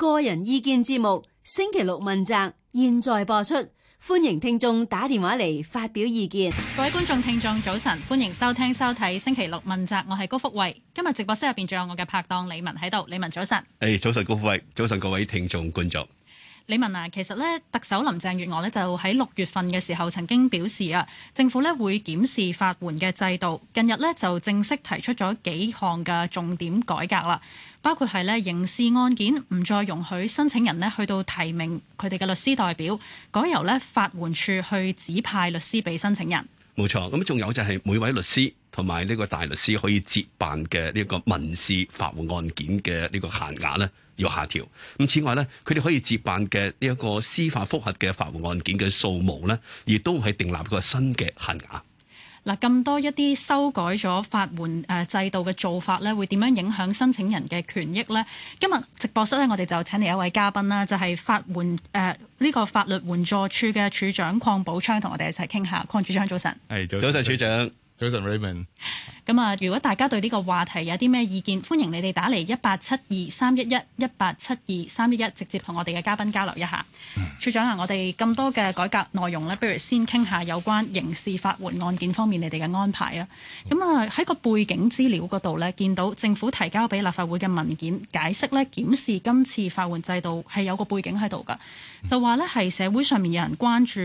個人意見節目，星期六問責，現在播出，歡迎聽眾打電話嚟發表意見，各位觀眾聽眾早晨，歡迎收聽收睇星期六問責，我係高福慧，今日直播室入邊仲有我嘅拍檔李文喺度，李文早晨。誒，早晨高福慧，早晨各位聽眾觀眾。你問啊，其實咧，特首林鄭月娥呢，就喺六月份嘅時候曾經表示啊，政府咧會檢視法援嘅制度。近日咧就正式提出咗幾項嘅重點改革啦，包括係咧刑事案件唔再容許申請人呢去到提名佢哋嘅律師代表，改由咧法援處去指派律師俾申請人。冇錯，咁仲有就係每位律師同埋呢個大律師可以接辦嘅呢個民事法援案件嘅呢個限額呢。要下調。咁此外咧，佢哋可以接辦嘅呢一個司法覆核嘅法援案件嘅數目呢亦都係訂立個新嘅限額。嗱，咁多一啲修改咗法援誒制度嘅做法呢會點樣影響申請人嘅權益咧？今日直播室呢我哋就請嚟一位嘉賓啦，就係、是、法援誒呢、呃這個法律援助處嘅處長鄺寶昌，同我哋一齊傾下。鄺處長早晨。係。早晨、hey, 處長。早晨，Raymond。Rayman. 咁啊，如果大家對呢個話題有啲咩意見，歡迎你哋打嚟一八七二三一一一八七二三一一，直接同我哋嘅嘉賓交流一下。處長啊，我哋咁多嘅改革內容咧，不如先傾下有關刑事法援案件方面你哋嘅安排啊。咁啊，喺個背景資料嗰度咧，見到政府提交俾立法會嘅文件解釋咧，檢視今次法援制度係有個背景喺度㗎，就話咧係社會上面有人關注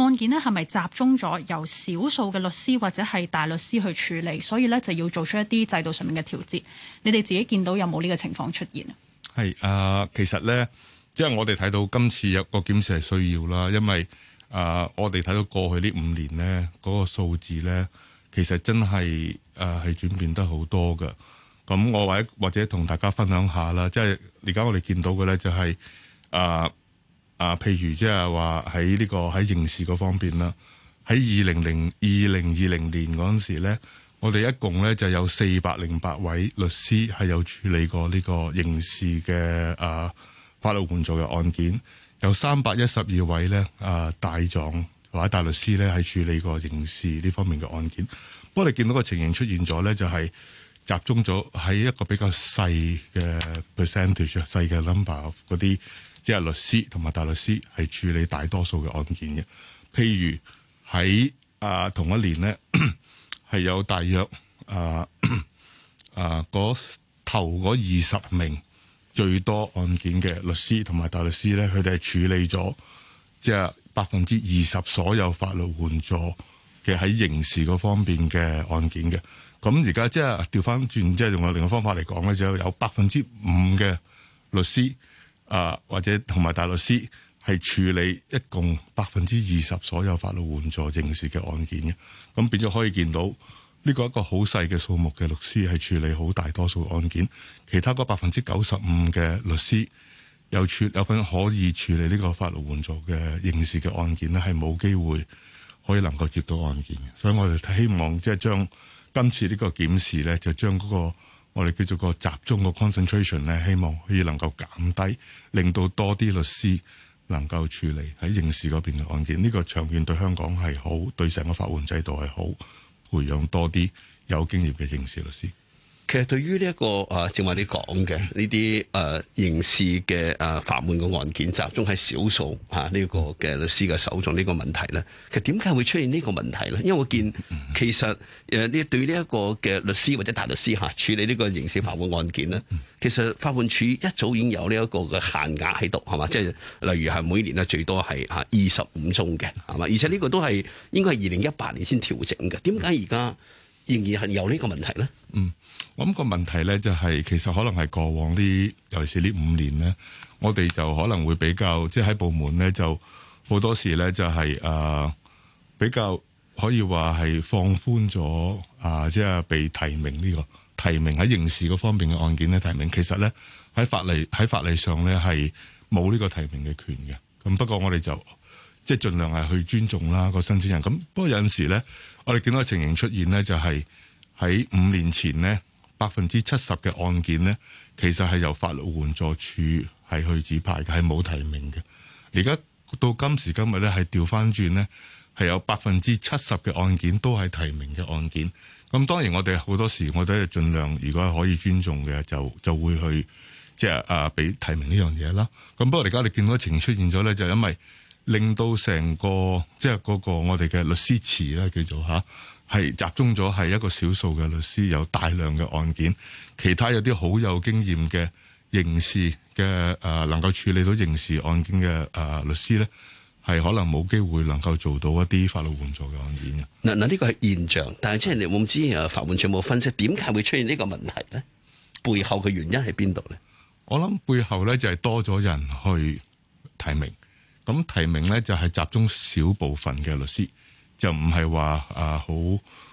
案件咧係咪集中咗由少數嘅律師或者係大律師去處理，所以，咧就要做出一啲制度上面嘅調節，你哋自己見到有冇呢個情況出現啊？係啊、呃，其實咧，即係我哋睇到今次有個檢視係需要啦，因為啊、呃，我哋睇到過去呢五年咧，嗰個數字咧，其實真係啊係轉變得好多㗎。咁我或者或者同大家分享一下啦，即係而家我哋見到嘅咧就係啊啊，譬如即係話喺呢個喺刑事嗰方面啦，喺二零零二零二零年嗰陣時咧。我哋一共咧就有四百零八位律師係有處理過呢個刑事嘅啊法律援助嘅案件，有三百一十二位咧啊大狀或者大律師咧係處理過刑事呢方面嘅案件。不過你見到個情形出現咗咧，就係集中咗喺一個比較細嘅 percentage 啊、細嘅 number 嗰啲，即係律師同埋大律師係處理大多數嘅案件嘅。譬如喺啊同一年咧。係有大約啊啊嗰頭嗰二十名最多案件嘅律師同埋大律師咧，佢哋係處理咗即係百分之二十所有法律援助嘅喺刑事嗰方面嘅案件嘅。咁而家即係調翻轉，即係、即係、用我另一個方法嚟講咧，就、有百分之五嘅律師啊，或者同埋大律師，係處理一共百分之二十所有法律援助刑事嘅案件嘅，咁變咗可以見到呢個一個好細嘅數目嘅律師係處理好大多數案件，其他嗰百分之九十五嘅律師有處有份可以處理呢個法律援助嘅刑事嘅案件呢，係冇機會可以能夠接到案件嘅，所以我哋希望即係將今次呢個檢視呢，就將嗰個我哋叫做個集中個 concentration 呢，希望可以能夠減低，令到多啲律師。能夠處理喺刑事嗰邊嘅案件，呢、這個長遠對香港係好，對成個法援制度係好，培養多啲有經驗嘅刑事律師。其實對於呢一個啊，正話你講嘅呢啲誒刑事嘅誒法援嘅案件集中喺少數啊呢、這個嘅律師嘅手中呢個問題咧，其實點解會出現呢個問題咧？因為我見其實誒呢、呃、對呢一個嘅律師或者大律師吓、啊、處理呢個刑事法援案件咧，其實法援署一早已經有呢一個嘅限額喺度係嘛，即係、就是、例如係每年咧最多係吓二十五宗嘅係嘛，而且呢個都係應該係二零一八年先調整嘅，點解而家仍然係有呢個問題咧？嗯。咁個問題咧、就是，就係其實可能係過往呢，尤其是呢五年咧，我哋就可能會比較，即係喺部門咧、就是，就好多時咧，就係誒比較可以話係放寬咗啊、呃，即係被提名呢、呢個提名喺刑事嗰方面嘅案件咧提名。其實咧喺法例喺法例上咧係冇呢個提名嘅權嘅。咁不過我哋就即係盡量係去尊重啦、個申請人。咁不過有陣時咧，我哋見到個情形出現咧，就係喺五年前咧。百分之七十嘅案件咧，其實係由法律援助署係去指派嘅，係冇提名嘅。而家到今時今日咧，係調返轉咧，係有百分之七十嘅案件都係提名嘅案件。咁當然我哋好多時我哋都係盡量，如果係可以尊重嘅，就就會去即係、即係、啊俾提名呢樣嘢啦。咁不過而家你見到情形出現咗咧，就係、因為令到成個即係嗰個我哋嘅律師池咧叫做嚇。係集中咗係一個少數嘅律師有大量嘅案件，其他有啲好有經驗嘅刑事嘅、誒、呃，能夠處理到刑事案件嘅、誒、呃、律師咧，係可能冇機會能夠做到一啲法律援助嘅案件嘅。嗱、嗱，呢個係現象，但係即係你冇知啊，法援全冇分析，點解會出現呢個問題咧？背後嘅原因喺邊度咧？我諗背後咧就係多咗人去提名，咁提名咧就係集中少部分嘅律師。就唔係話啊，好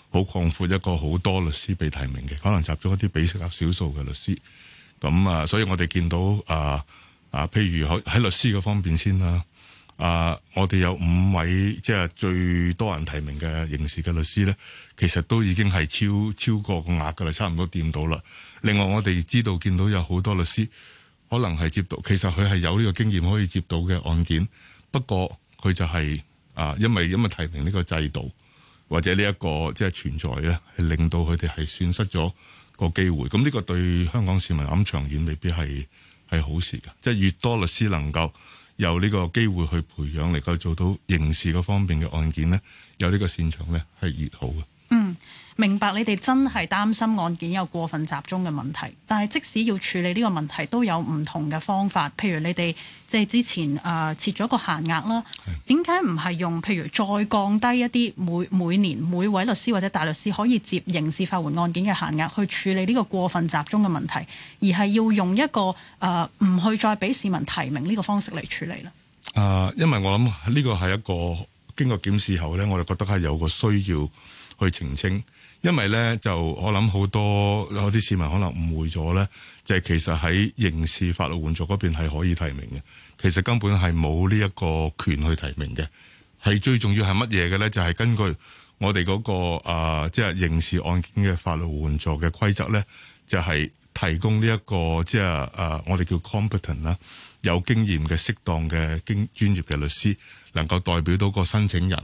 好擴闊一個好多律師被提名嘅，可能集中一啲比較少數嘅律師。咁啊，所以我哋見到啊啊，譬如喺喺律師嘅方面先啦，啊，我哋有五位即係最多人提名嘅刑事嘅律師咧，其實都已經係超超過個額㗎喇，差唔多掂到喇。另外我哋知道見到有好多律師可能係接到，其實佢係有呢個經驗可以接到嘅案件，不過佢就係。啊，因為因為提名呢個制度或者呢、這、一個即係、就是、存在咧，係令到佢哋係損失咗個機會，咁呢個對香港市民諗長遠未必係係好事㗎。即、就、係、是、越多律師能夠有呢個機會去培養嚟夠做到刑事嘅方面嘅案件咧，有個現呢個擅長咧，係越好嘅。明白你哋真係擔心案件有過分集中嘅問題，但係即使要處理呢個問題，都有唔同嘅方法。譬如你哋即係之前誒、呃、設咗一個限額啦，點解唔係用譬如再降低一啲每每年每位律師或者大律師可以接刑事法援案件嘅限額去處理呢個過分集中嘅問題，而係要用一個誒唔、呃、去再俾市民提名呢個方式嚟處理啦？啊、呃，因為我諗呢個係一個經過檢視後呢，我哋覺得係有個需要去澄清。因為咧，就我諗好多有啲市民可能誤會咗咧，就係、是、其實喺刑事法律援助嗰邊係可以提名嘅，其實根本係冇呢一個權去提名嘅。係最重要係乜嘢嘅咧？就係、是、根據我哋嗰、那個啊，即、呃、係、就是、刑事案件嘅法律援助嘅規則咧，就係、是、提供呢、這、一個即係啊，我哋叫 competent 啦，有經驗嘅適當嘅經專業嘅律師能夠代表到個申請人。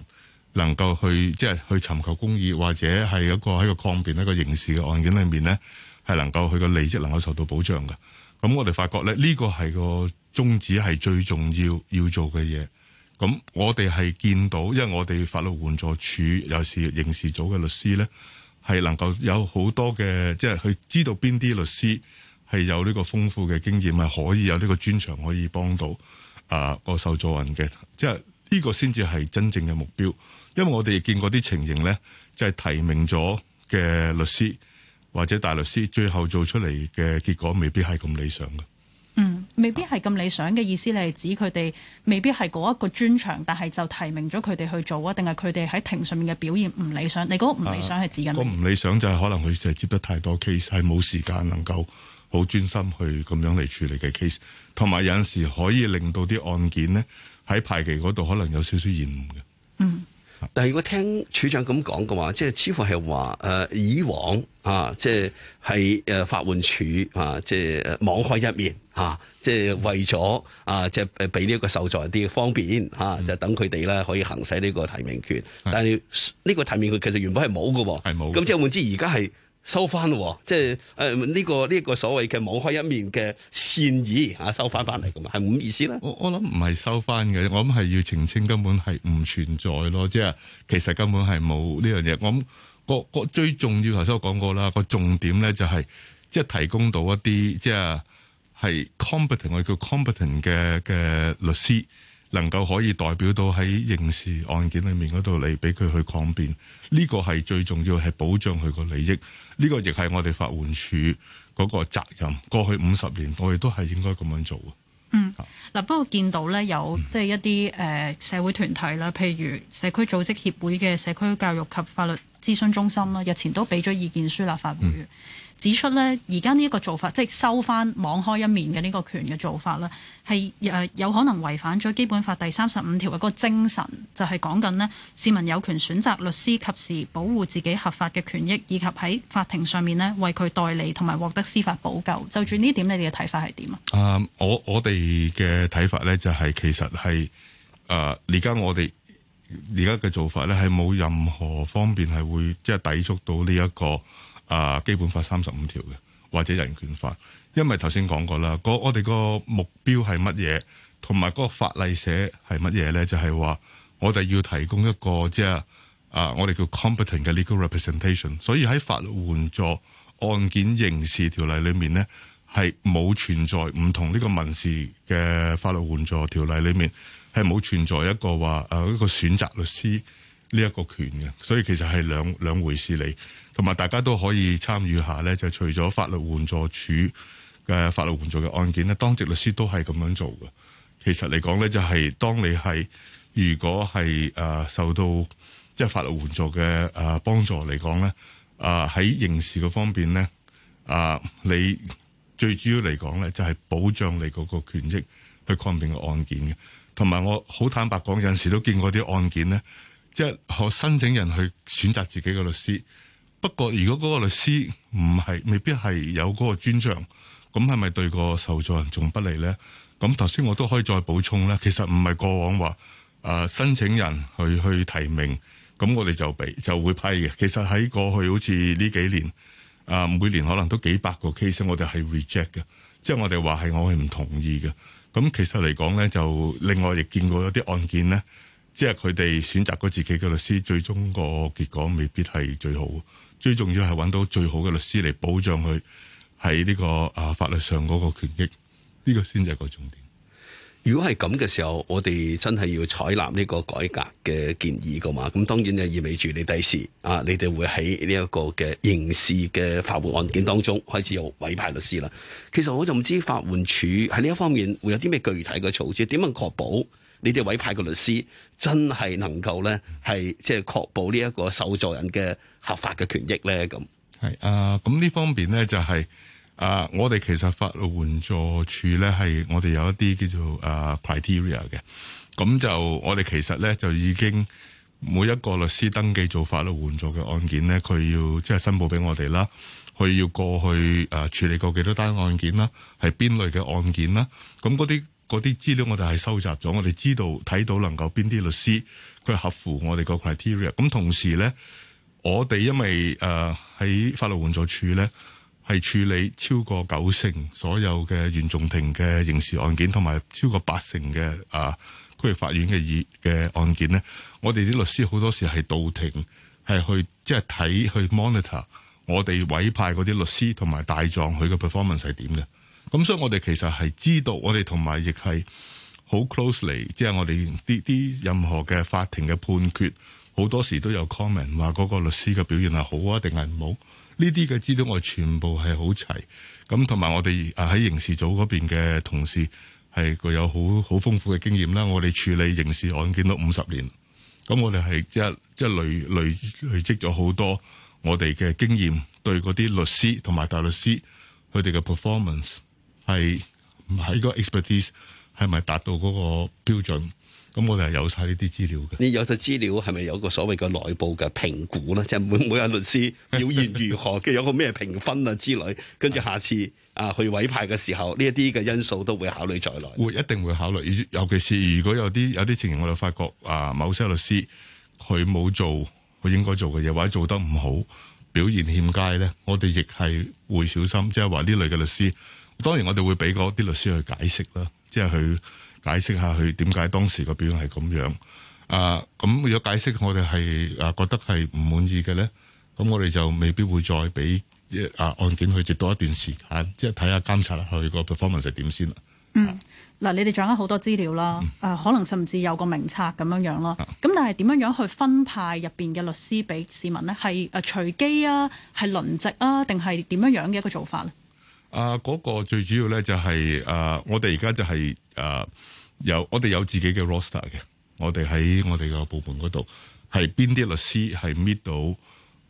能夠去即係、就是、去尋求公義，或者係一個喺個抗辯一個刑事嘅案件裏面咧，係能夠佢個利益能夠受到保障嘅。咁我哋發覺咧，呢、這個係個宗旨係最重要要做嘅嘢。咁我哋係見到，因為我哋法律援助署尤其係刑事組嘅律師咧，係能夠有好多嘅即係佢知道邊啲律師係有呢個豐富嘅經驗，係可以有呢個專長可以幫到啊、呃、個受助人嘅。即係呢個先至係真正嘅目標。因為我哋亦見過啲情形咧，就係、是、提名咗嘅律師或者大律師，最後做出嚟嘅結果未必係咁理想嘅。嗯，未必係咁理想嘅、啊、意思，你係指佢哋未必係嗰一個專長，但係就提名咗佢哋去做啊？定係佢哋喺庭上面嘅表現唔理想？你嗰個唔理想係指緊咩？個、啊、唔理想就係可能佢哋接得太多 case，係冇時間能夠好專心去咁樣嚟處理嘅 case，同埋有陣時候可以令到啲案件咧喺排期嗰度可能有少少延誤嘅。嗯。但係如果聽署長咁講嘅話，即係似乎係話誒，以往啊，即係係誒法援署啊，即係網開一面吓，即係為咗啊，即係俾呢一個受助啲方便吓，啊，就等佢哋咧可以行使呢個提名權。但係呢個提名權其實原本係冇㗎，咁即係換之而家係。收翻喎，即係誒呢個呢個所謂嘅網開一面嘅善意吓，收翻翻嚟咁啊，係咁意思咧？我我諗唔係收翻嘅，我諗係要澄清根本係唔存在咯，即係其實根本係冇呢樣嘢。我我個最重要頭先我講過啦，個重點咧就係、是、即係提供到一啲即係係 competent 我叫 competent 嘅嘅律師。能夠可以代表到喺刑事案件裏面嗰度，你俾佢去抗辯，呢個係最重要係保障佢個利益。呢個亦係我哋法援署嗰個責任。過去五十年，我哋都係應該咁樣做。嗯，嗱、嗯，不過見到呢，有即係一啲誒社會團體啦，譬如社區組織協會嘅社區教育及法律諮詢中心啦，日前都俾咗意見書立法會。嗯指出呢，而家呢一個做法，即係收翻網開一面嘅呢個權嘅做法呢係有可能違反咗《基本法》第三十五條嘅嗰個精神，就係講緊呢，市民有權選擇律師，及時保護自己合法嘅權益，以及喺法庭上面呢，為佢代理同埋獲得司法補救。就住呢點你，你哋嘅睇法係點啊？我我哋嘅睇法呢、就係，就係其實係而家我哋而家嘅做法呢，係冇任何方便，係會即係抵觸到呢、這、一個。啊，基本法三十五條嘅，或者人權法，因為頭先講過啦，我哋個目標係乜嘢，同埋個法例寫係乜嘢咧？就係、是、話我哋要提供一個即係啊，我哋叫 competent 嘅 legal representation。所以喺法律援助案件刑事條例裏面咧，係冇存在唔同，呢個民事嘅法律援助條例裏面係冇存在一個話誒、呃、一個選擇律師。呢、這、一個權嘅，所以其實係兩兩回事嚟，同埋大家都可以參與下咧。就除咗法律援助署嘅法律援助嘅案件咧，當值律師都係咁樣做嘅。其實嚟講咧，就係當你係如果係誒、呃、受到即係法律援助嘅誒幫助嚟講咧，誒、呃、喺刑事嘅方面咧，啊、呃、你最主要嚟講咧，就係保障你嗰個權益去抗辯個案件嘅。同埋我好坦白講，有陣時都見過啲案件咧。即係可申請人去選擇自己嘅律師，不過如果嗰個律師唔係，未必係有嗰個專長，咁係咪對個受助人仲不利咧？咁頭先我都可以再補充咧，其實唔係過往話、呃、申請人去去提名，咁我哋就俾就會批嘅。其實喺過去好似呢幾年，啊、呃、每年可能都幾百個 case，我哋係 reject 嘅，即係我哋話係我係唔同意嘅。咁其實嚟講咧，就另外亦見過有啲案件咧。即係佢哋選擇咗自己嘅律師，最終個結果未必係最好。最重要係揾到最好嘅律師嚟保障佢喺呢個啊法律上嗰個權益，呢個先係個重點。如果係咁嘅時候，我哋真係要採納呢個改革嘅建議噶嘛？咁當然就意味住你第時啊，你哋會喺呢一個嘅刑事嘅法援案件當中開始有委派律師啦。其實我就唔知法援署喺呢一方面會有啲咩具體嘅措施，點樣確保？你哋委派個律師真係能夠咧，係即係確保呢一個受助人嘅合法嘅權益咧，咁係啊。咁、呃、呢方面咧就係、是、啊、呃，我哋其實法律援助處咧係我哋有一啲叫做啊、呃、criteria 嘅。咁就我哋其實咧就已經每一個律師登記做法律援助嘅案件咧，佢要即係、就是、申報俾我哋啦。佢要過去誒處理過幾多單案件啦，係邊類嘅案件啦。咁嗰啲。嗰啲資料我哋係收集咗，我哋知道睇到能夠邊啲律師佢合乎我哋個 criteria。咁同時咧，我哋因為誒喺、呃、法律援助署咧，係處理超過九成所有嘅原訟庭嘅刑事案件，同埋超過八成嘅啊、呃、區域法院嘅二嘅案件咧，我哋啲律師好多時係到庭係去即係睇去 monitor 我哋委派嗰啲律師同埋大狀佢嘅 performance 係點嘅。咁、嗯、所以我哋其實係知道我 closeley，我，我哋同埋亦係好 close 嚟，即係我哋啲啲任何嘅法庭嘅判決，好多時都有 comment 話嗰個律師嘅表現係好啊定係唔好，呢啲嘅資料我全部係好齊。咁同埋我哋啊喺刑事組嗰邊嘅同事係具有好好豐富嘅經驗啦。我哋處理刑事案件都五十年，咁我哋係即係即係累累累積咗好多我哋嘅經驗，對嗰啲律師同埋大律師佢哋嘅 performance。係喺、這個 expertise 係咪達到嗰個標準？咁我哋係有晒呢啲資料嘅。你有晒資料，係咪有個所謂嘅內部嘅評估咧？即係每每啊律師表現如何，跟 住有個咩評分啊之類，跟住下次 啊去委派嘅時候，呢一啲嘅因素都會考慮在內。會一定會考慮，尤其是如果有啲有啲情形，我哋發覺啊，某些律師佢冇做佢應該做嘅嘢，或者做得唔好，表現欠佳咧，我哋亦係會小心，即係話呢類嘅律師。當然，我哋會俾嗰啲律師去解釋啦，即係去解釋下佢點解當時個表現係咁樣啊。咁如果解釋我哋係啊覺得係唔滿意嘅咧，咁我哋就未必會再俾啊案件去接多一段時間，即係睇下監察佢個 performance 點先啦。嗯，嗱，你哋掌握好多資料啦，嗯，可能甚至有個名冊咁樣樣咯。咁但係點樣樣去分派入邊嘅律師俾市民咧？係啊隨機啊，係輪值啊，定係點樣樣嘅一個做法咧？啊！嗰、那個最主要咧就係、是、啊，我哋而家就係、是、啊，有我哋有自己嘅 roster 嘅，我哋喺我哋個部門嗰度係邊啲律師係 meet 到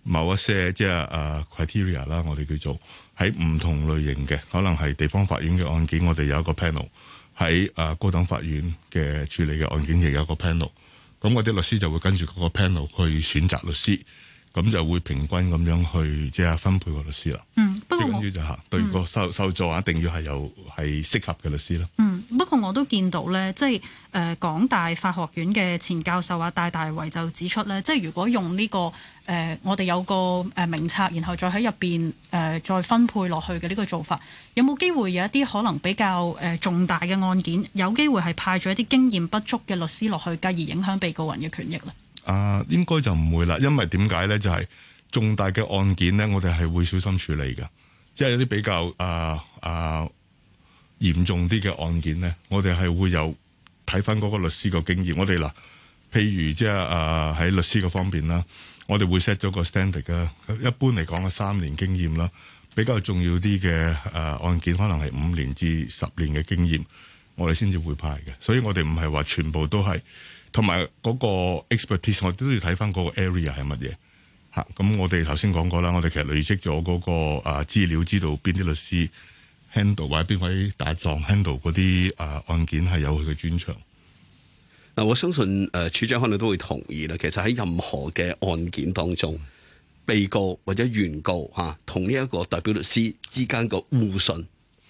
某一些即係啊 criteria 啦，我哋叫做喺唔同類型嘅，可能係地方法院嘅案件，我哋有一個 panel 喺、啊、高等法院嘅處理嘅案件亦有一個 panel，咁我啲律師就會跟住嗰個 panel 去選擇律師。咁就會平均咁樣去即係分配個律師啦。嗯，不過我對個受、嗯、受助啊，一定要係有係適合嘅律師咯。嗯，不過我都見到咧，即係、呃、港大法學院嘅前教授啊，戴大為就指出咧，即係如果用呢、呢個誒、呃，我哋有個名冊，然後再喺入面誒、呃、再分配落去嘅呢個做法，有冇機會有一啲可能比較重大嘅案件，有機會係派咗一啲經驗不足嘅律師落去，繼而影響被告人嘅權益咧？啊、呃，應該就唔會啦，因為點解咧？就係、是、重大嘅案件咧，我哋係會小心處理嘅。即係有啲比較啊啊嚴重啲嘅案件咧，我哋係會有睇翻嗰個律師嘅經驗。我哋嗱，譬如即係啊喺律師嘅方面啦，我哋會 set 咗個 standard 啊。一般嚟講嘅三年經驗啦，比較重要啲嘅，呃、案件，可能係五年至十年嘅經驗，我哋先至會派嘅。所以我哋唔係話全部都係。同埋嗰個 expertise，我都要睇翻嗰個 area 係乜嘢吓。咁、啊、我哋頭先講過啦，我哋其實累積咗嗰個啊資料，知道邊啲律師 handle 或者邊位大狀 handle 嗰啲啊案件係有佢嘅專長。嗱，我相信誒、呃、處長可能都會同意啦。其實喺任何嘅案件當中，被告或者原告吓，同呢一個代表律師之間個互信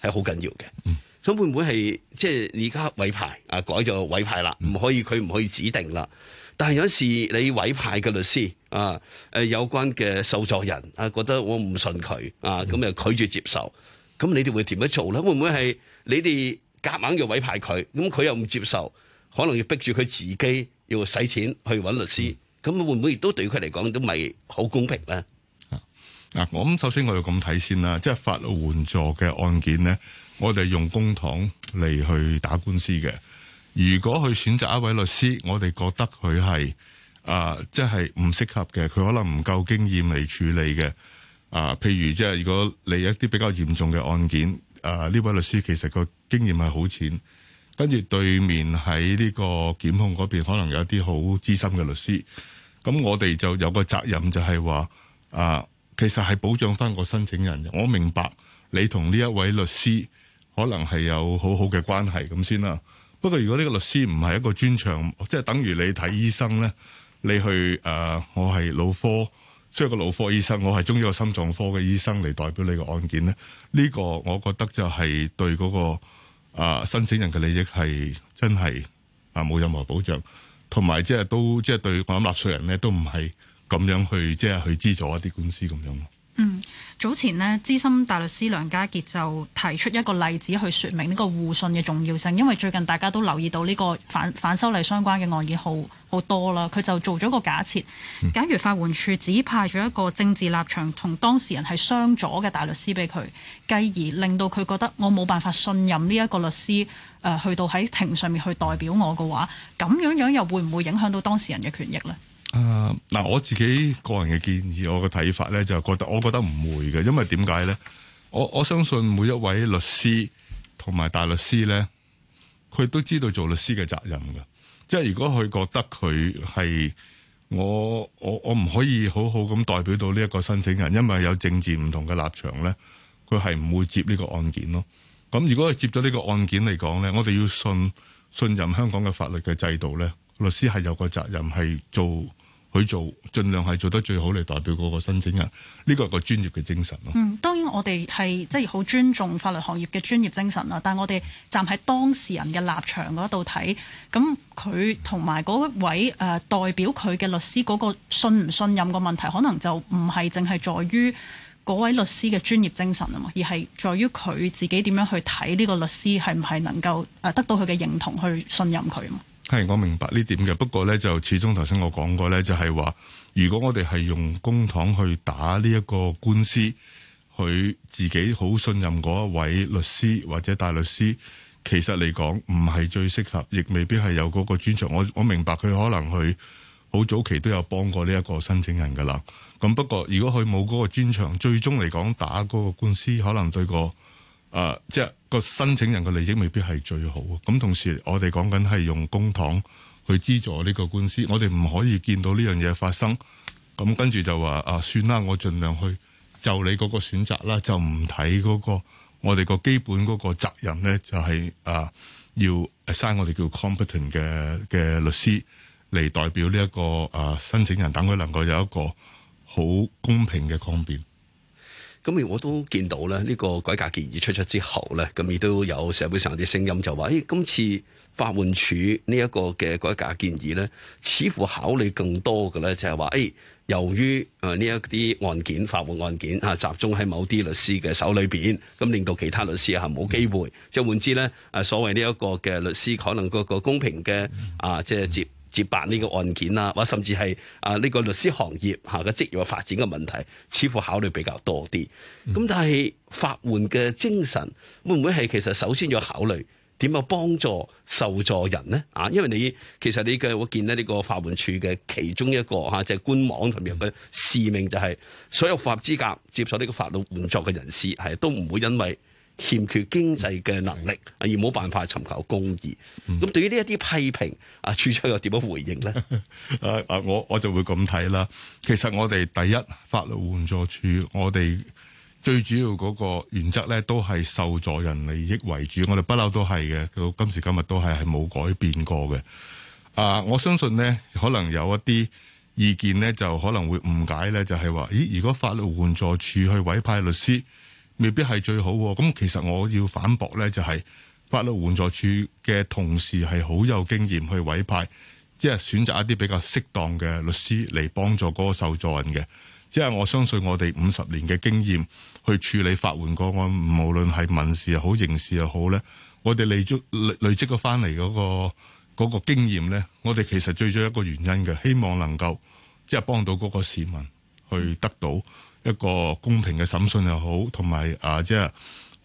係好緊要嘅。嗯咁會唔會係即係而家委派啊改咗委派啦？唔可以佢唔可以指定啦。但係有時你委派嘅律師啊，誒有關嘅受助人啊，覺得我唔信佢啊，咁又拒絕接受。咁你哋會點樣做咧？會唔會係你哋夾硬要委派佢？咁佢又唔接受，可能要逼住佢自己要使錢去揾律師。咁、嗯、會唔會亦都對佢嚟講都唔係好公平咧？啊！我咁首先我要咁睇先啦，即係法律援助嘅案件咧。我哋用公帑嚟去打官司嘅。如果去選擇一位律師，我哋覺得佢係啊，即係唔適合嘅。佢可能唔夠經驗嚟處理嘅。啊、呃，譬如即係如果你有一啲比較嚴重嘅案件，啊、呃、呢位律師其實個經驗係好淺，跟住對面喺呢個檢控嗰邊可能有一啲好資深嘅律師，咁我哋就有個責任就係話啊，其實，係保障翻個申請人。我明白你同呢一位律師。可能係有好好嘅關係咁先啦。不過如果呢個律師唔係一個專長，即係等於你睇醫生咧，你去誒，我係腦科，即係個腦科醫生，我係中醫個心臟科嘅醫生嚟代表你個案件咧。呢個我覺得就係對嗰個啊申請人嘅利益係真係啊冇任何保障，同埋即係都即係對我諗納稅人咧都唔係咁樣去即係去資助一啲官司咁樣咯。嗯，早前呢，資深大律師梁家傑就提出一個例子去說明呢個互信嘅重要性，因為最近大家都留意到呢個反反修例相關嘅案件好好多啦。佢就做咗一個假設，假如法援處指派咗一個政治立場同當事人係相左嘅大律師俾佢，繼而令到佢覺得我冇辦法信任呢一個律師誒、呃，去到喺庭上面去代表我嘅話，咁樣樣又會唔會影響到當事人嘅權益呢？啊！嗱，我自己個人嘅建議，我嘅睇法咧，就覺得我覺得唔會嘅，因為點解咧？我我相信每一位律師同埋大律師咧，佢都知道做律師嘅責任嘅，即係如果佢覺得佢係我我我唔可以好好咁代表到呢一個申請人，因為有政治唔同嘅立場咧，佢係唔會接呢個案件咯。咁如果佢接咗呢個案件嚟講咧，我哋要信信任香港嘅法律嘅制度咧，律師係有個責任係做。佢做，盡量係做得最好嚟，代表嗰個申請啊，呢個係個專業嘅精神咯。嗯，當然我哋係即係好尊重法律行業嘅專業精神啊，但係我哋站喺當事人嘅立場嗰度睇，咁佢同埋嗰位誒、呃、代表佢嘅律師嗰個信唔信任個問題可能就唔係淨係在於嗰位律師嘅專業精神啊嘛，而係在於佢自己點樣去睇呢個律師係唔係能夠誒得到佢嘅認同去信任佢啊？係，我明白呢點嘅。不過呢，就始終頭先我講過呢，就係話，如果我哋係用公帑去打呢一個官司，佢自己好信任嗰一位律師或者大律師，其實嚟講唔係最適合，亦未必係有嗰個專長。我我明白佢可能佢好早期都有幫過呢一個申請人噶啦。咁不過，如果佢冇嗰個專長，最終嚟講打嗰個官司，可能對個、呃、即係。個申請人個利益未必係最好，咁同時我哋講緊係用公帑去資助呢個官司，我哋唔可以見到呢樣嘢發生，咁跟住就話啊，算啦，我盡量去就你嗰個選擇啦，就唔睇嗰個我哋個基本嗰個責任咧，就係啊要篩我哋叫 competent 嘅嘅律師嚟代表呢一個啊申請人，等佢能夠有一個好公平嘅抗辯。咁亦我都見到咧，呢個改革建議出出之後咧，咁亦都有社會上啲聲音就話，誒，今次法援署呢一個嘅改革建議咧，似乎考慮更多嘅咧，就係話，誒，由於誒呢一啲案件法援案件啊，集中喺某啲律師嘅手裏邊，咁令到其他律師啊冇機會，即係、嗯、換之咧，誒所謂呢一個嘅律師可能個個公平嘅啊，即係接。接辦呢個案件啦，或者甚至係啊呢個律師行業吓嘅職業發展嘅問題，似乎考慮比較多啲。咁但係法援嘅精神會唔會係其實首先要考慮點樣幫助受助人呢？啊，因為你其實你嘅我見咧，呢個法援署嘅其中一個吓就係，即係，官網上面嘅使命就係所有符合資格接受呢個法律援助嘅人士係都唔會因為。欠缺經濟嘅能力，而冇辦法尋求公義。咁對於呢一啲批評，啊處長又點樣回應咧？啊 啊，我我就會咁睇啦。其實我哋第一法律援助署，我哋最主要嗰個原則咧，都係受助人利益為主。我哋不嬲都係嘅，到今時今日都係係冇改變過嘅。啊，我相信呢，可能有一啲意見呢就可能會誤解咧，就係話：咦，如果法律援助署去委派律師，未必係最好喎，咁其實我要反駁咧，就係法律援助署嘅同事係好有經驗去委派，即係選擇一啲比較適當嘅律師嚟幫助嗰個受助人嘅。即係我相信我哋五十年嘅經驗去處理法援個案，無論係民事又好、刑事又好咧，我哋累足累，累積咗翻嚟嗰個嗰個經驗咧，我哋其實最主要一個原因嘅，希望能夠即係幫到嗰個市民去得到。一個公平嘅審訊又好，同埋啊，即係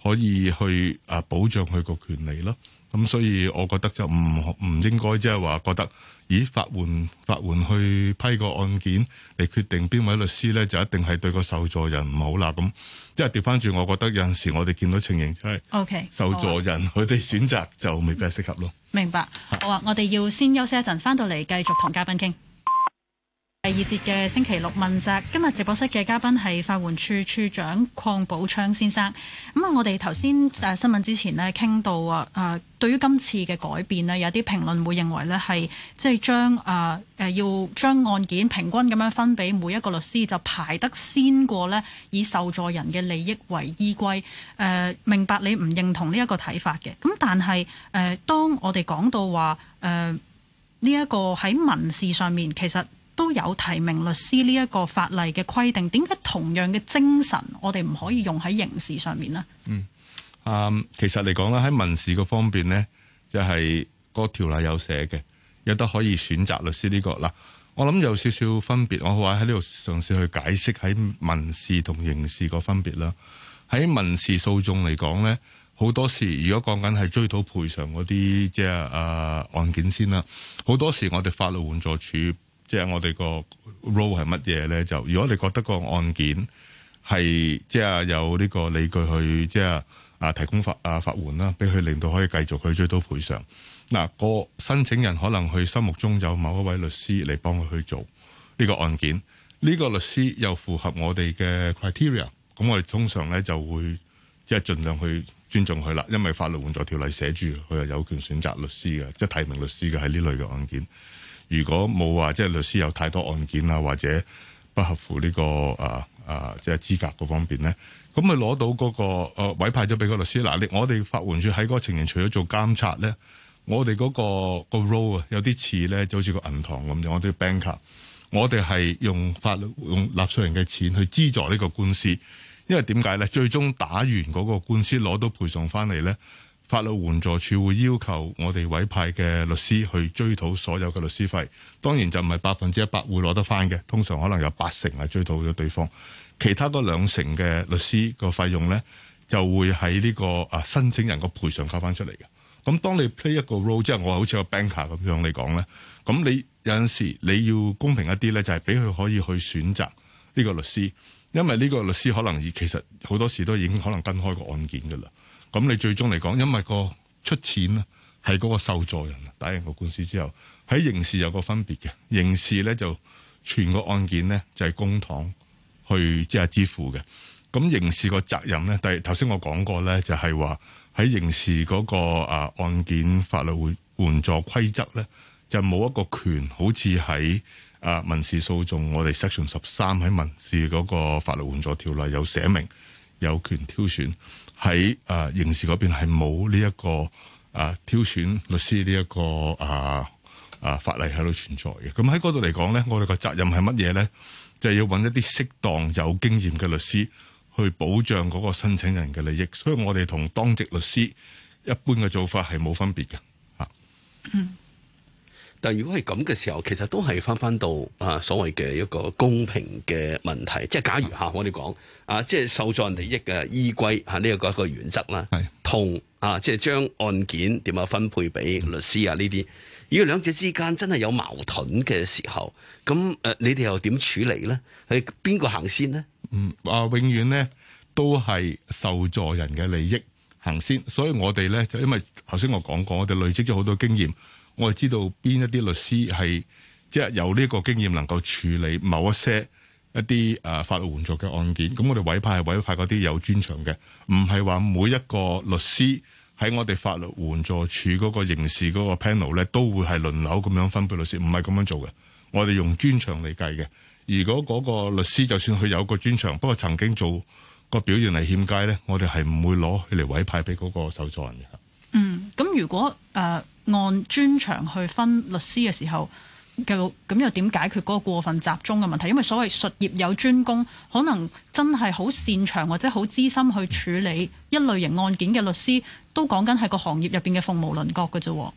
可以去啊保障佢個權利咯。咁所以，我覺得就唔唔應該即係話覺得，咦，法援法援去批個案件嚟決定邊位律師咧，就一定係對個受助人唔好啦。咁即係調翻轉，我覺得有陣時我哋見到情形就係，受助人佢哋選擇就未必適合咯、okay，啊。明白。好啊，我哋要先休息一陣，翻到嚟繼續同嘉賓傾。第二節嘅星期六問責，今日直播室嘅嘉賓係法援處處長鄺寶昌先生。咁啊，我哋頭先誒新聞之前咧，傾到啊啊，對於今次嘅改變咧，有啲評論會認為咧係即係將誒誒要將案件平均咁樣分俾每一個律師，就排得先過咧，以受助人嘅利益為依歸。誒、呃，明白你唔認同呢一個睇法嘅。咁但係誒、呃，當我哋講到話誒呢一個喺民事上面，其實，都有提名律師呢一個法例嘅規定，點解同樣嘅精神我哋唔可以用喺刑事上面呢？嗯，啊，其實嚟講啦，喺民事嗰方面咧，就係、是、嗰條例有寫嘅，有得可以選擇律師呢、這個啦。我諗有少少分別，我好話喺呢度嘗試去解釋喺民事同刑事個分別啦。喺民事訴訟嚟講咧，好多時如果講緊係追討賠償嗰啲，即係啊案件先啦，好多時我哋法律援助署，即係我哋個 role 係乜嘢咧？就如果你覺得個案件係即係有呢個理據去即係啊提供法啊法援啦，俾佢令到可以繼續去追到賠償。嗱、個申請人可能佢心目中有某一位律師嚟幫佢去做呢個案件，呢、個律師又符合我哋嘅 criteria，咁我哋通常咧就會即係盡量去尊重佢啦，因為法律援助條例寫住佢係有權選擇律師嘅，即係提名律師嘅係呢類嘅案件。如果冇話即係律師有太多案件啊，或者不合乎呢、這個啊啊即係資格嗰方面咧，咁咪攞到嗰、那個、呃、委派咗俾個律師嗱，你我哋法援處喺嗰個情形，除咗做監察咧，我哋嗰、那個、那個 role 啊有啲似咧，就好似個銀行咁樣，我哋 banker，我哋係用法律用納稅人嘅錢去資助呢個官司，因為點解咧？最終打完嗰個官司攞到賠償翻嚟咧？法律援助署會要求我哋委派嘅律師去追討所有嘅律師費，當然就唔係百分之一百會攞得翻嘅，通常可能有八成係追討咗對方，其他嗰兩成嘅律師個費用咧就會喺呢個啊申請人個賠償扣翻出嚟嘅。咁當你 play 一個 role 即係我好似個 banker 咁樣你講咧，咁你有陣時你要公平一啲咧，就係俾佢可以去選擇呢個律師，因為呢個律師可能已其實好多時都已經可能跟開個案件噶啦。咁你最終嚟講，因為個出錢啊，係嗰個受助人打贏個官司之後，喺刑事有個分別嘅。刑事咧就全個案件咧就係公堂去即係支付嘅。咁刑事個責任咧，但係頭先我講過咧，就係話喺刑事嗰個啊案件法律援援助規則咧，就冇一個權，好似喺啊民事訴訟我哋 section 十三喺民事嗰個法律援助條例有寫明有權挑選。喺誒刑事嗰邊係冇呢一個誒、啊、挑選律師呢、這、一個、啊啊、法例喺度存在嘅，咁喺嗰度嚟講咧，我哋嘅責任係乜嘢咧？就係、是、要搵一啲適當有經驗嘅律師去保障嗰個申請人嘅利益，所以我哋同當值律師一般嘅做法係冇分別嘅嚇。但如果係咁嘅時候，其實都係翻翻到啊，所謂嘅一個公平嘅問題。即係假如吓、嗯、我哋講啊，即係受助人利益嘅依歸吓呢一個一個原則啦。係同啊，即係將案件點樣分配俾律師啊呢啲。如果兩者之間真係有矛盾嘅時候，咁誒、啊，你哋又點處理咧？係邊個行先咧？嗯，啊，永遠咧都係受助人嘅利益行先。所以我哋咧就因為頭先我講過，我哋累積咗好多經驗。我哋知道邊一啲律師係即係有呢個經驗能夠處理某一些一啲誒法律援助嘅案件，咁我哋委派係委派嗰啲有專長嘅。唔係話每一個律師喺我哋法律援助處嗰個刑事嗰個 panel 咧都會係輪流咁樣分配律師，唔係咁樣做嘅。我哋用專長嚟計嘅。如果嗰個律師就算佢有個專長，不過曾經做個表現係欠佳咧，我哋係唔會攞佢嚟委派俾嗰個受助人嘅。嗯，咁如果誒，呃按專長去分律師嘅時候，就咁又點解決嗰個過分集中嘅問題？因為所謂術業有專攻，可能真係好擅長或者好資深去處理一類型案件嘅律師，都講緊係個行業入邊嘅鳳毛麟角嘅啫。誒、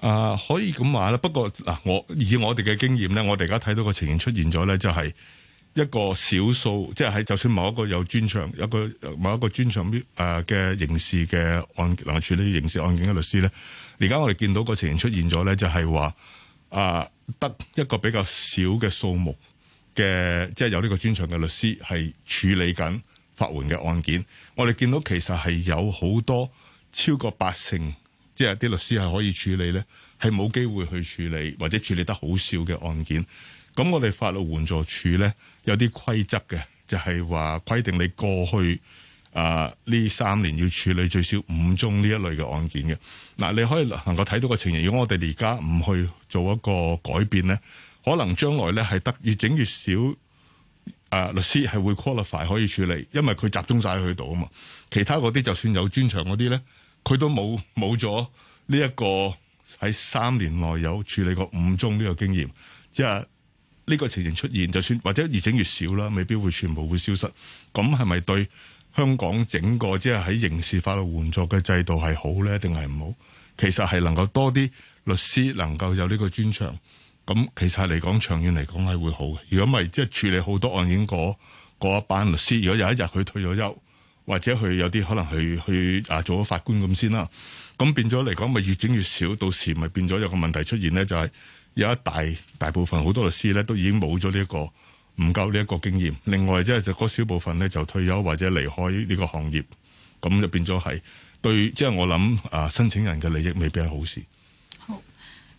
呃，可以咁話啦。不過嗱，我以我哋嘅經驗咧，我哋而家睇到個情形出現咗咧，就係、是、一個少數，即係喺就算某一個有專長，有個某一個專長誒嘅刑事嘅案，能夠處理刑事案件嘅律師咧。而家我哋見到個情形出現咗咧，就係話啊，得一個比較少嘅數目嘅，即係有呢個專長嘅律師係處理緊法援嘅案件。我哋見到其實係有好多超過八成，即係啲律師係可以處理咧，係冇機會去處理或者處理得好少嘅案件。咁我哋法律援助署咧，有啲規則嘅，就係話規定你過去。啊、呃！呢三年要處理最少五宗呢一類嘅案件嘅嗱、呃，你可以能夠睇到個情形。如果我哋而家唔去做一個改變咧，可能將來咧係得越整越少。啊、呃，律師係會 qualify 可以處理，因為佢集中晒去到啊嘛。其他嗰啲就算有專長嗰啲咧，佢都冇冇咗呢一個喺三年內有處理過五宗呢個經驗，即係呢個情形出現，就算或者越整越少啦，未必會全部會消失。咁係咪對？香港整個即係喺刑事法律援助嘅制度係好咧定係唔好？其實係能夠多啲律師能夠有呢個專長，咁其實嚟講長遠嚟講係會好嘅。如果唔係即係處理好多案件嗰嗰一班律師，如果有一日佢退咗休，或者佢有啲可能去去啊做咗法官咁先啦，咁變咗嚟講咪越整越少，到時咪變咗有個問題出現咧，就係有一大大部分好多律師咧都已經冇咗呢一個。唔夠呢一個經驗，另外即係就嗰少部分咧就退休或者離開呢個行業，咁就變咗係對即係我諗啊申請人嘅利益未必係好事。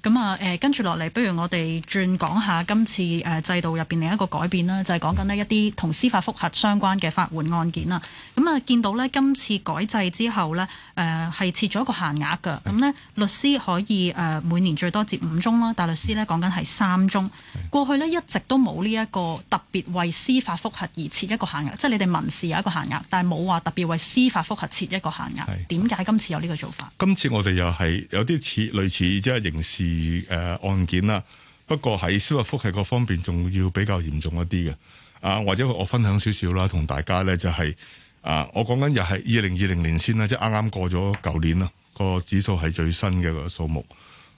咁啊，跟住落嚟，不如我哋轉講下今次制度入邊另一個改變啦，就係講緊呢一啲同司法覆核相關嘅法援案件啦。咁啊，見到咧今次改制之後咧，誒，係設咗一個限額嘅。咁咧，律師可以誒每年最多接五宗啦，但律師咧講緊係三宗。過去咧一直都冇呢一個特別為司法覆核而設一個限額，即係你哋民事有一個限額，但係冇話特別為司法覆核設一個限額。點解今次有呢個做法？今次我哋又係有啲似類似即係刑事。而、呃、案件啦，不過喺司法覆核嗰方面仲要比較嚴重一啲嘅啊，或者我分享少少啦，同大家咧就係、是、啊，我講緊又係二零二零年先啦，即係啱啱過咗舊年啦，那個指數係最新嘅個數目。